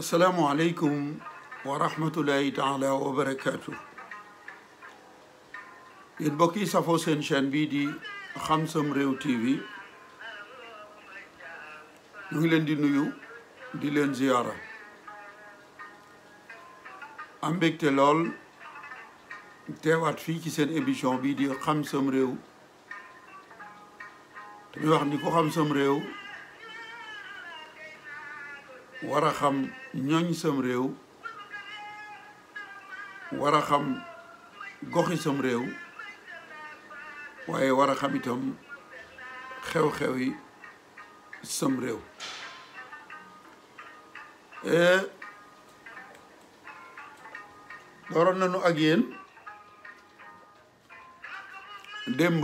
asalaamualeykum wa rahmatullahi taala wa barakaatu yéen mbokk yi safoo seen chaîne bii di Xam Sam Réew TV ñu ngi leen di nuyu di leen ziyaara am mbégte lool teewaat fii ci seen émission bii di Xam Sam Réew te ñu wax ni ko xam sam réew war a xam ñooñ sam réew war a xam goxi sam réew waaye war a xam itam xew-xew yi sam réew dooroon e, nañu ak yéen démb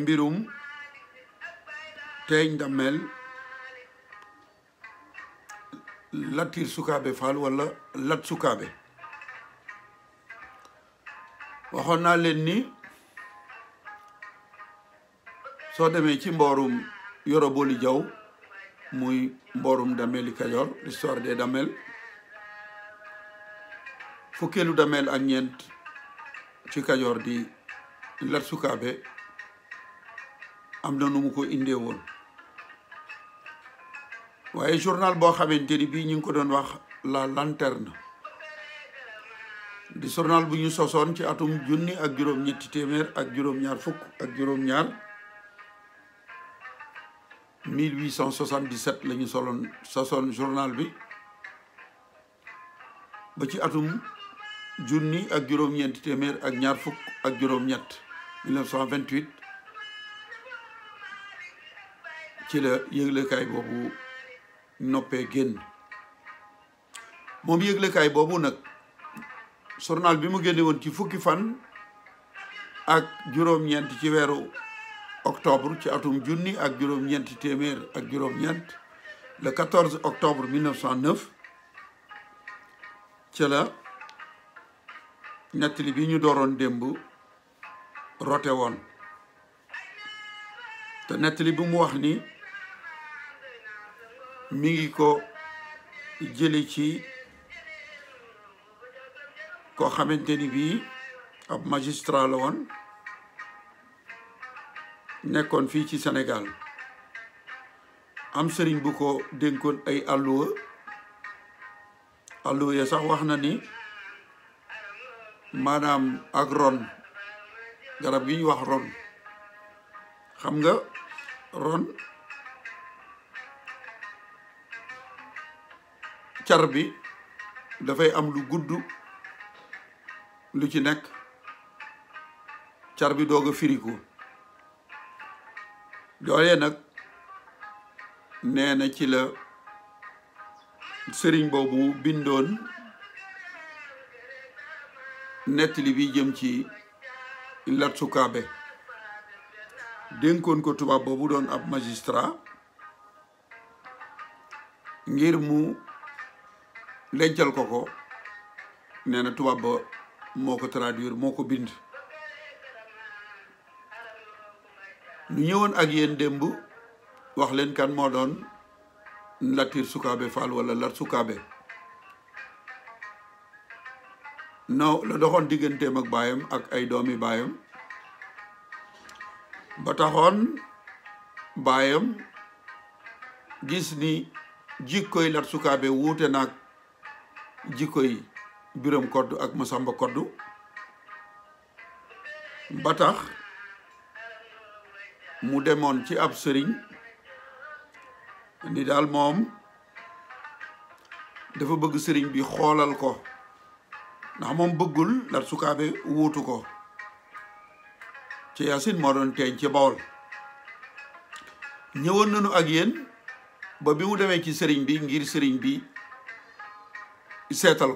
mbirum teeñ dammeel Latir Sukaabe Fall wala Lat Sukaabe waxoon naa leen ni soo demee ci mboorum Yoro Jaw muy mboorum dammeeli Kajoor l'histoire des dameel fukkeelu dameel ak ñeent ci Kajoor di Lat Sukaabe am na nu mu ko indee woon waaye journal boo xamante ni bii ñu ngi ko doon wax la lanterne di journal bu ñu sosoon ci atum junni ak juróom-ñetti téeméer ak juróom-ñaar fukk ak juróom-ñaar 1877 soloon sosoon journal bi ba ci atum junni ak juróom-ñeenti téeméer ak ñaar fukk ak juróom-ñett ci la yëglekaay boobu noppee génn moom yëglekaay boobu nag journal bi mu génne woon ci fukki fan ak juróom-ñeent ci weeru octobre ci atum junni ak juróom-ñeent téeméer ak juróom-ñeent le 14 octobre ci la nettali bi ñu dooroon démb rote woon te nettali bi mu wax ni mi ngi ko jële ci koo xamante ni bii ab magistrat la nekkoon fii ci Sénégal am sëriñ bu ko dénkoon ay alluwa alluwa ya sax wax na ni maanaam ak ron garab gi ñu wax ron xam nga ron car bi dafay am lu gudd lu ci nekk car bi doog a firiku loolee nag nee na ci la sëriñ boobu bindoon nettali bi jëm ci Lat Sukaabe dénkoon ko tubaab boobu doon ab magistrat ngir mu dencal ko ko nee na tubaab ba moo ko traduire moo ko bind ñu ñëwoon ak yéen démb wax leen kan moo doon Latir Sukaabe Fall wala Lat Sukaabe non la doxoon digganteem ak baayam ak ay doomi baayam ba taxoon baayam gis ni jikkoy Lat Sukaabe wuute naag jikko yi Biram Koddu ak Masamba Koddu ba tax mu demoon ci ab sëriñ ni daal moom dafa bëgg sëriñ bi xoolal ko ndax moom bëggul Lat Sukaabe wuutu ko ci Yaasin moo doon teeñ ci Bawol ñëwoon nañu ak yéen ba bi mu demee ci sëriñ bi ngir sëriñ bi seetal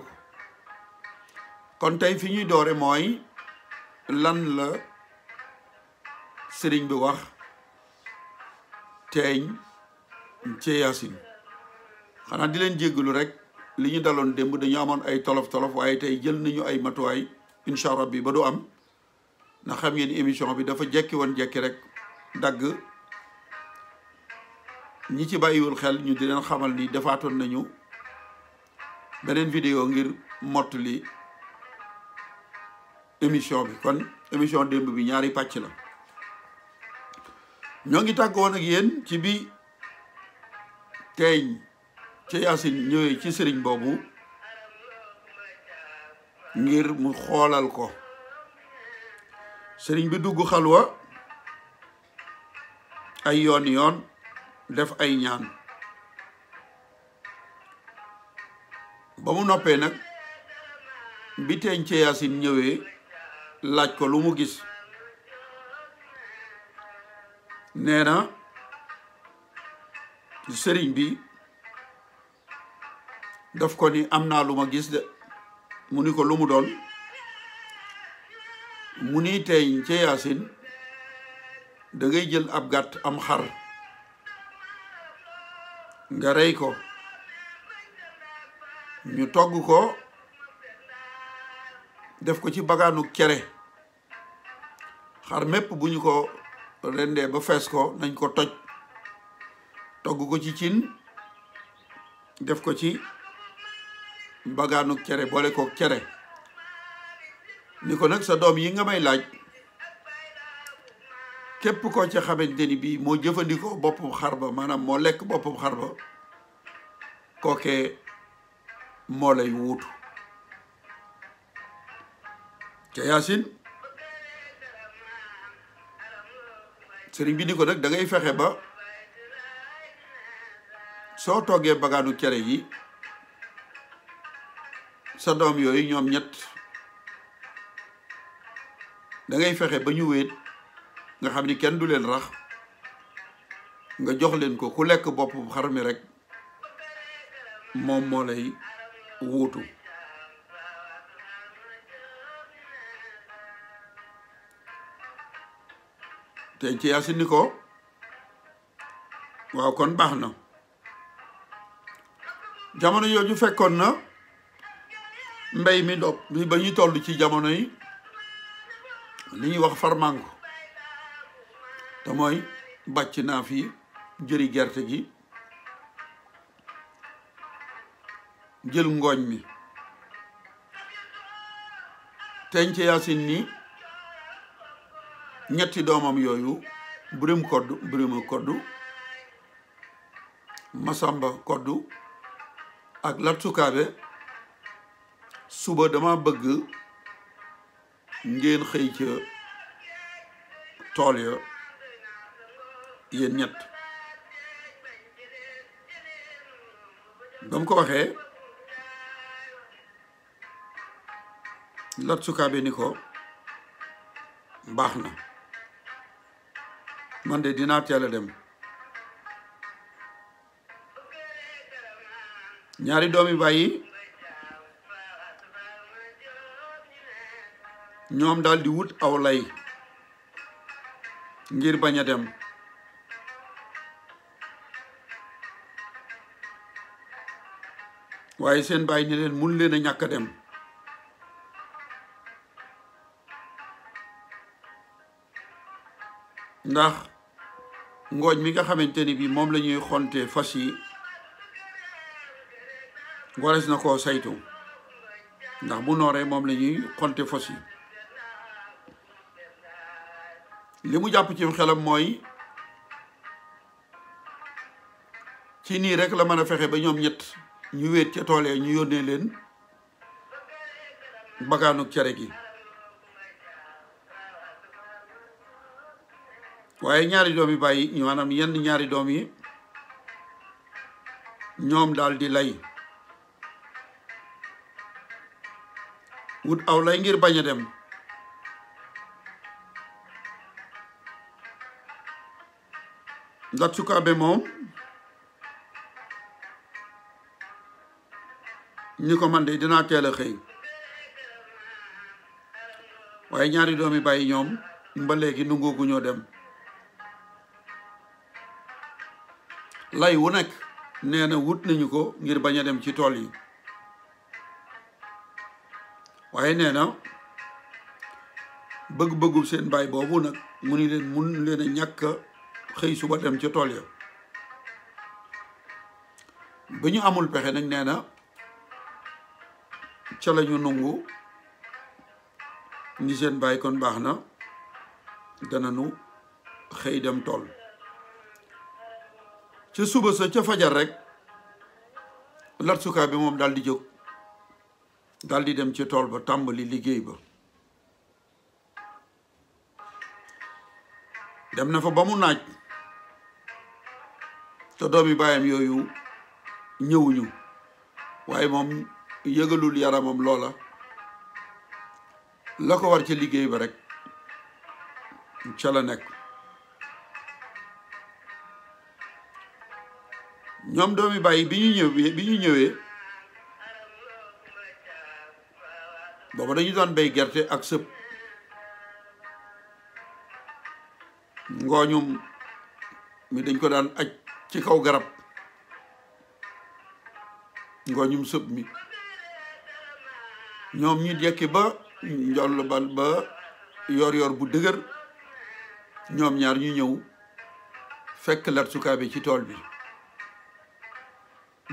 kon tey fi ñuy doore mooy lan la sëriñ bi wax teeñ ci yaasin xanaa di leen jéggalu rek li ñu daloon démb dañu amoon ay tolof-tolof waaye tey jël nañu ay matuwaay incha allah bi ba du am na xam ngeen émission bi dafa jekki woon jekki rek dagg ñi ci bàyyiwul xel ñu di leen xamal ni defaatoon nañu beneen vidéo ngir li émission bi kon émission démb bi ñaari pàcc la ñoo ngi tàgg woon ak yéen ci bi teeñ ci Yaasin ñëwee ci sëriñ boobu ngir mu xoolal ko sëriñ bi dugg xalwa ay yoon yoon def ay ñaan ba mu noppee nag bi teeñ ci Yaasin ñëwee laaj ko lu mu gis nee na sëriñ bi daf ko ni am naa lu ma gis de mu ni ko lu mu doon mu ni teeñ ci Yaasin da ngay jël ab gàtt am xar nga rey ko ñu togg ko def ko ci bagaanu cere xar mépp bu ñu ko rendee ba fees ko nañ ko toj togg ko ci cin def ko ci bagaanu cere boole ko cere ni ko nag sa doom yi nga may laaj képp ko ca xamante ni bii moo jëfandikoo bopp xar ba maanaam moo lekk boppam xar ba kookee moo lay wuutu ca yaasin sëriñ bi ni ko nag da fexe ba soo toogee bagaanu cere yi sa doom yooyu ñoom ñett da fexe ba ñu wéet nga xam ni kenn du leen rax nga jox leen ko ku lekk bopp xar mi rek moom moo lay wuutu te ci yaasi ko waaw kon baax na jamono yooju fekkoon na mbay mi do mi ba ñuy toll ci jamono yi li ñuy wax farmango te mooy bàcc naa fi jëri gerte gi jël ngooñ mi teñce yasin ni ñetti doomam yooyu burim kodd burima kodd masamba kodd ak latsukaabe suba dama bëgg ngeen xëy ca tool ya yéen ñett ba mu ko waxee Lat Sukaabe ni ko baax na man de dinaa teel dem ñaari doomi baay ñoom daldi wut aw lay ngir bañ a dem waaye seen baay ni leen mun leen a ñàkk a dem ndax ngooñ mi nga xamante ni bi moom la ñuy xonte fas yi warees na koo saytu ndax bu nooree moom la ñuy xonte fas yi li mu jàpp ci xelam mooy ci nii rek la mën a fexe ba ñoom ñett ñu wéet ca tool ñu yónnee leen bagaanuk cere gi waaye ñaari doom yi bàyyi ñu maanaam yenn ñaari doom yi ñoom daal di lay wut aw lay ngir bañ dem ndax sukaabe moom ñi ko man de dinaa teel a xëy waaye ñaari doomi bàyyi ñoom ba léegi nungoogu ñoo dem lay wu nekk nee wut nañu ko ngir bañ a dem ci tool yi waaye nee na bëgg-bëggu seen baay boobu nag mu ni leen mun leen a ñàkk xëy suba dem ca tool ya ba ñu amul pexe nag nee na ca lañu ñu nungu ngi seen baay kon baax na dana nu xëy dem tool ca suba sa ca fajar rek lat bi moom daal di jóg daal di dem ci tool ba tàmbali liggéey ba dem na fa ba mu naaj te doomi baayam yooyu ñëwuñu waaye moom yëgalul yaramam loola la ko war ca liggéey ba rek ca la nekk ñoom doomi bàyyi bi ñu ñëwee bi ñu ñëwee booba dañu daan béy gerte ak sëb ngooñum mi dañ ko daan aj ci kaw garab ngooñum sëb mi ñoom ñu jekki ba njoll bal ba yor yoor bu dëgër ñoom ñaar ñu ñëw fekk lat sukaabe ci tool bi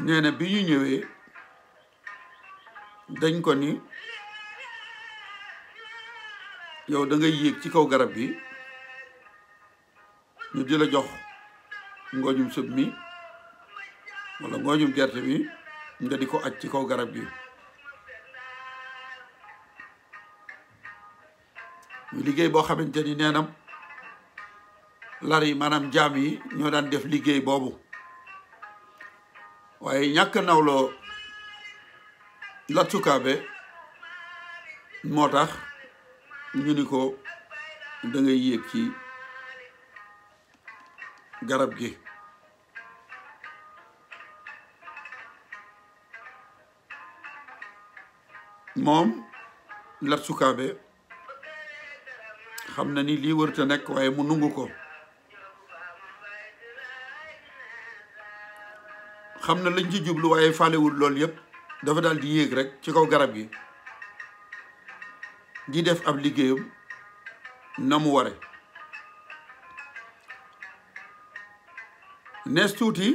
nee na bi ñu ñëwee dañ ko ni yow da ngay yéeg ci kaw garab gi ñu di la jox ngooñum sëb mi walla ngooñum gerte mi nga di ko aj ci kaw garab gi mu liggéey boo xamante ni neenam lar yi maanaam jaam yi ñoo daan def liggéey boobu waaye ñàkk nawloo Lat moo tax ñu ni ko da ngay yéeg ci garab gi moom Lat xam na ni lii wërta nekk waaye mu nungu ko xam na lañ ci jublu waaye faalewul loolu yëpp dafa daal di yéeg rek ci kaw garab gi di def ab liggéeyam na mu ware nees tuuti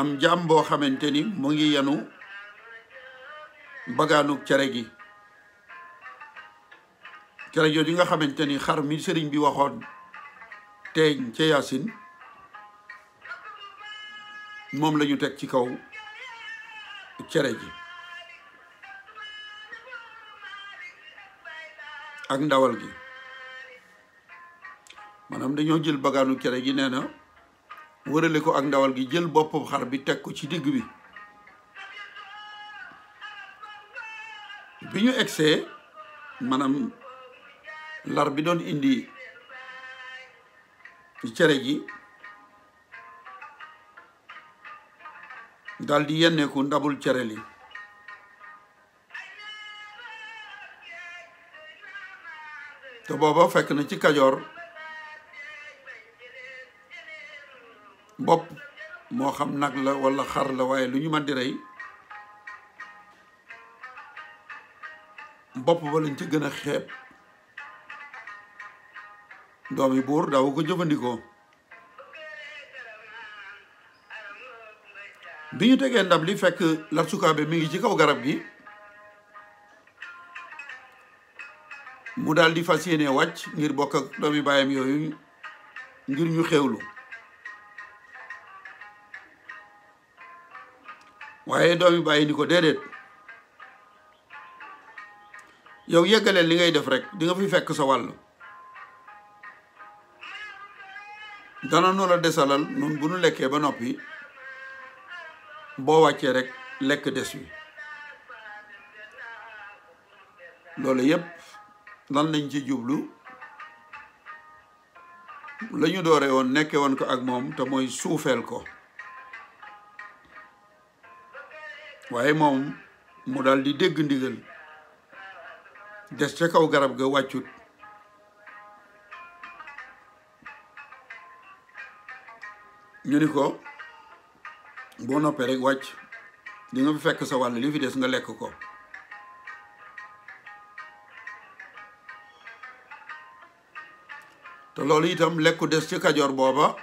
am jaam boo xamante ni mu ngi yenu bagaanu cere gi cere jooju nga xamante ni xar mi sëriñ bi waxoon teeñ ca yaasin moom lañu teg ci kaw cere ji ak ndawal gi maanaam dañoo jël bagaanu cere gi nee na wërale ko ak ndawal gi jël boppu xar bi teg ko ci digg bi bi ñu egsee maanaam lar bi doon indi cere ji daldi yenneeku ndabul cere li te booba fekk na ci kajoor bopp moo xam nag la walla xar la waaye lu ñu mën di rey bopp ba lañ ci gën a xeeb doomi buur daawu ko jëfandikoo bi ñu tegee ndab li fekk Lat Sukaabe mi ngi ci kaw garab gi mu daldi fas yéene wàcc ngir bokk ak doomi baayam yooyu ngir ñu xewlu waaye doomi bàyyi ni ko déedéet yow yeggaleel li ngay def rek di fi fekk sa wàll dana nu la desalal nun bu nu lekkee ba noppi boo wàccee rekk lekk des wi loolu yépp lan lañ ci jublu la ñu doore woon nekke woon ko ak moom te mooy suufeel ko waaye moom mu daldi di ndigal des ca kaw garab ga wàccut ñu ni ko boo noppee rek wàcc dinga nga fekk sa wàll li fi des nga lekk ko te loolu itam lekku des ci kajoor booba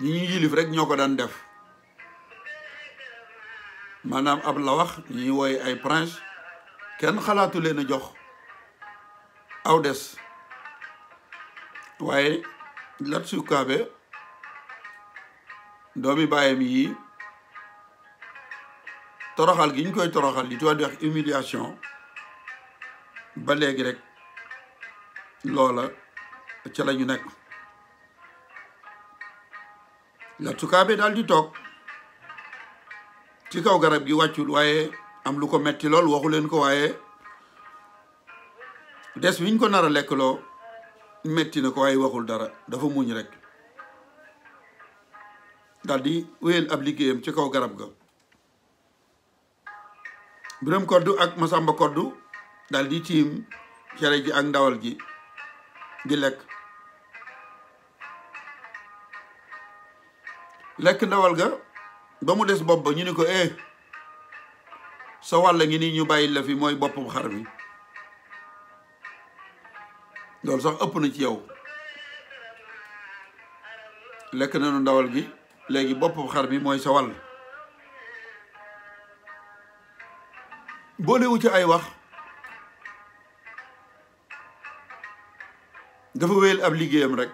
ñi ñuy yilif rek ñoo ko daan def maanaam ab la wax ñuy woy ay prince kenn xalaatu leen a jox aw des waaye Lat Sukaabe doomi bàyyam yi toroxal gi ñu koy toroxal li tubaab di wax ba léegi rek loola ca la ñu nekk la tukaabe daal di toog ci kaw garab gi wàccul waaye am lu ko metti lool waxu leen ko waaye des wiñ ko nar a lekk loo metti na ko waaye waxul dara dafa muñ rek daal di ab liggéeyam ci kaw garab ga biram kodd ak masamba koddu daldi di tiim cere ji ak ndawal gi di lekk lekk ndawal ga ba mu des bopp ba ñu ni ko eh sa wàll ngi ni ñu bàyyi la fi mooy boppam xar mi loolu sax ëpp na ci yow lekk nanu ndawal gi léegi boppu xar bi mooy sawal boo boolewu ci ay wax dafa wéyal ab liggéeyam rekk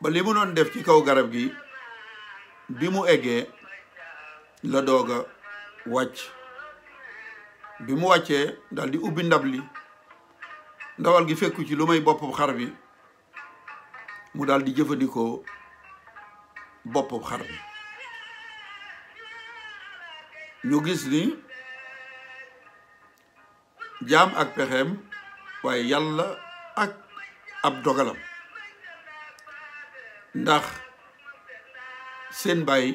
ba li mu doon def ci kaw garab gi bi mu eggee la doog a wàcc bi mu wàccee daldi ubbi ndab li ndawal gi fekku ci lu may boppu xar bi mu daldi jëfandikoo boppu xar ñu gis ni jaam ak pexeem waaye yàlla ak ab dogalam ndax seen baay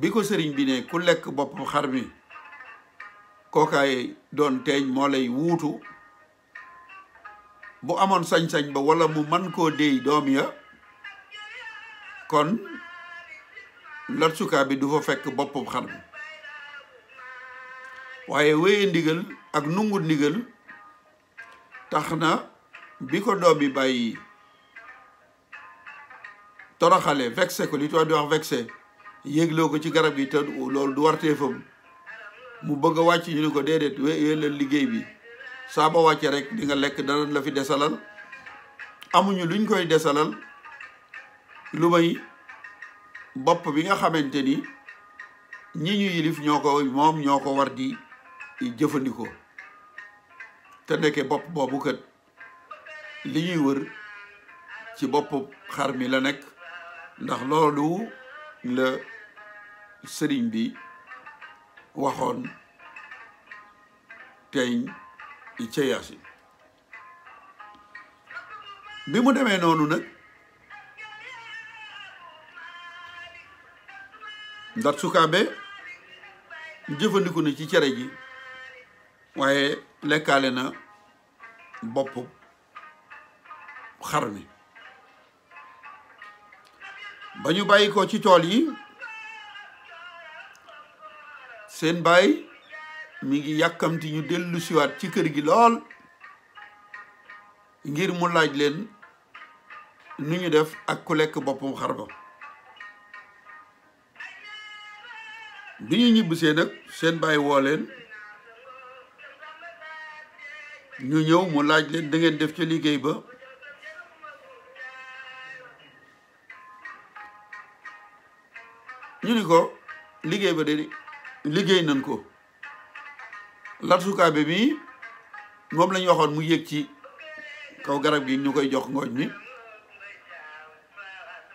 bi ko sëriñ bi ne ku lekk boppu xar bi kookaay doon teeñ moo lay wuutu bu amoon sañ-sañ ba walla mu man koo déy doom ya kon latsuka bi du fa fekk boppam xar bi waaye wéye ndigal ak nungu ndigal tax na bi ko doom bi bàyyi toroxale vexé ko li tubaab di wax vexé yéegloo ko ci garab yi te lool du warteefam mu bëgg a wàcc ñu ne ko déedéet wéyee leen liggéey bi saa ba wàcce rek di nga lekk dana la fi desalal amuñu luñ koy desalal lu may bopp bi nga xamante ni ñi ñu yilif ñoo ko moom ñoo ko war di jëfandikoo te nekke bopp boobu kat li ñuy wër ci bopp xar mi la nekk ndax loolu la sëriñ bi waxoon teeñ ca Yaasin bi mu demee noonu nag ndax jëfandiku na ci cere ji waaye lekkaale na boppu xar mi ba ñu bàyyi ci tool yi seen baay mi ngi yàkkamti ñu dellu siwaat ci kër gi lool ngir mu laaj leen nu ñu def ak ku lekk boppam xar ba bi ñu ñibbisee nag seen bàyyi woo leen ñu ñëw mu laaj leen da ngeen def ca liggéey ba ñu ni ko liggéey ba de liggéey nañ ko latukaabe bi moom lañu waxoon mu yéeg ci kaw garab gi ñu koy jox ngooñ mi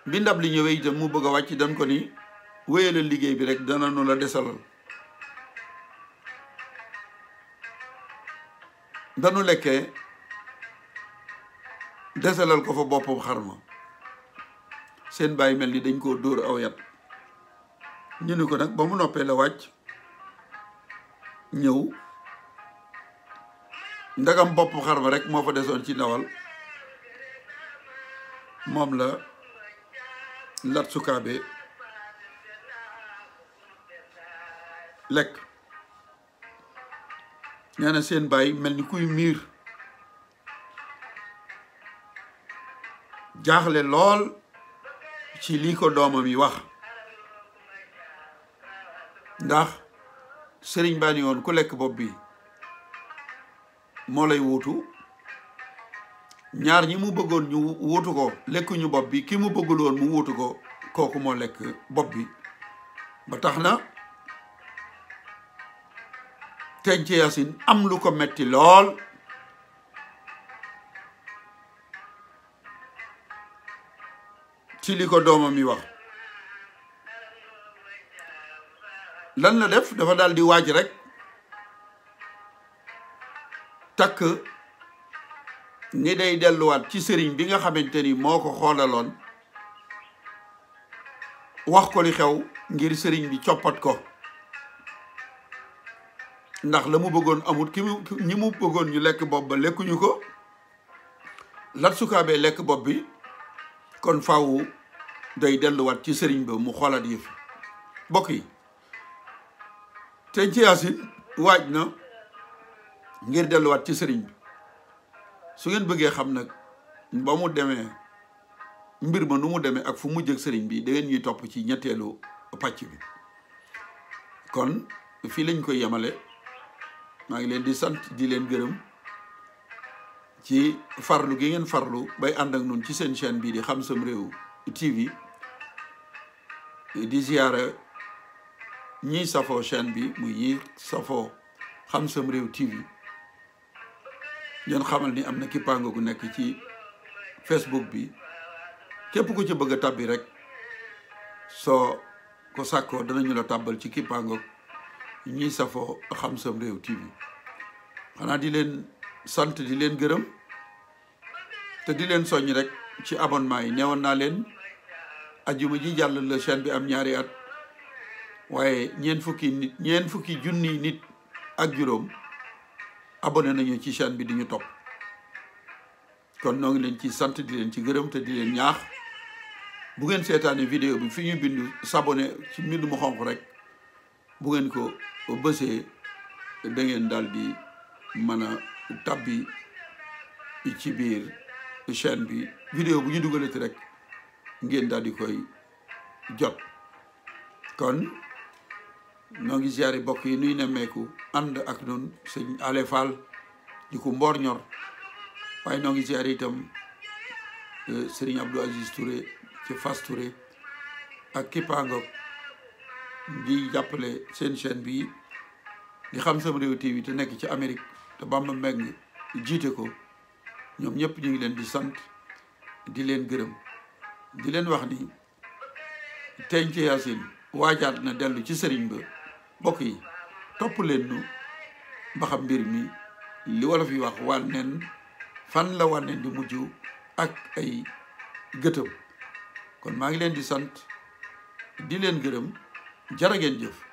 bi ndab li ñëwee itam mu bëgg a wàcc dañ ko ni wéyalal liggéey bi rek dana nu la desalal danu lekkee desalal ko fa boppam xarma seen bàyyi mel ni dañ koo dóor aw yat ñu ni ko nag ba mu noppee la wàcc ñëw ndagam bopp xarma rek moo fa desoon ci ndawal moom la lat sukaabe lekk nee seen baay mel ni kuy miir jaaxle lool ci lii ko doomam yi wax ndax sëriñ baa woon ku lekk bopp bi moo lay wuutu ñaar ñi mu bëggoon ñu wuutu ko lekkuñu bopp bi ki mu bëgguloon woon mu wuutu ko kooku moo lekk bopp bi ba tax na teñ ci Yacine am lu ko metti lool ci li ko doomam yi wax lan la def dafa daal di waaj rek takk ni day delluwaat ci sëriñ bi nga xamante ni moo ko xoolaloon wax ko li xew ngir sëriñ bi coppat ko ndax la mu bëggoon amut ki mu ñi mu bëggoon ñu lekk bopp ba lekkuñu ko lat lekk bopp bi kon faaw day delluwaat ci sëriñ bi mu xoolaat yëf bokk yi te ci yaasin waaj na ngir delluwaat ci sëriñ bi su ngeen bëggee xam nag ba mu demee mbir ma nu mu demee ak fu mu jëg sëriñ bi da ñuy topp ci ñetteelu pàcc bi kon fii lañ koy yemale maa ngi leen di sant di leen gërëm ci farlu gi ngeen farlu bay ànd ak nun ci seen chaîne bii di Xam Sam Réew TV di ziyaare ñiy safoo chaîne bi muy ñii safoo Xam Sam Réew TV ngeen xamal ni am na kippaango gu nekk ci Facebook bi képp ku ci bëgg a tàbbi rek soo ko sàkkoo danañu la tàbbal ci kippaango ñuy safoo xam sam réew TV xanaa di leen sant di leen gërëm te di leen soññ rek ci abonnement yi neewoon naa leen ajuma ji jàll la chaîne bi am ñaari at waaye ñeen fukki nit ñeen fukki junni nit ak juróom abone nañu ci chaîne bi di ñu topp kon noo ngi leen ci sant di leen ci gërëm te di leen ñaax bu ngeen seetaane vidéo bi fi ñu bind s'abonné ci mbind mu xonq rek bu ngeen ko ba bësee da ngeen daal di mën a tabbi ci biir chaîne bi vidéo bu ñu dugalati rek ngeen daal di koy jot kon noo ngi ziare bokk yi nuy nemmeeku ànd ak nun sëñ Ale Fall di ko mboor ñor waaye noo ngi ziare itam euh, sëriñ Abdou Aziz Touré ci Fass ak Kipango di jàppale seen chaîne bi di xam sama réew TV te nekk ci Amérique te Bamba Mbengue jiite ko ñoom ñëpp ñu ngi leen di sant di leen gërëm di leen wax ni teñ ci Yaasin waajaat na dellu ci sëriñ ba mbokk yi topp leen nu ba mbir mi li wolof yi wax wànneen fan la wànneen di mujj ak ay gëtëm kon maa ngi leen di sant di leen gërëm jërë ngeen jëf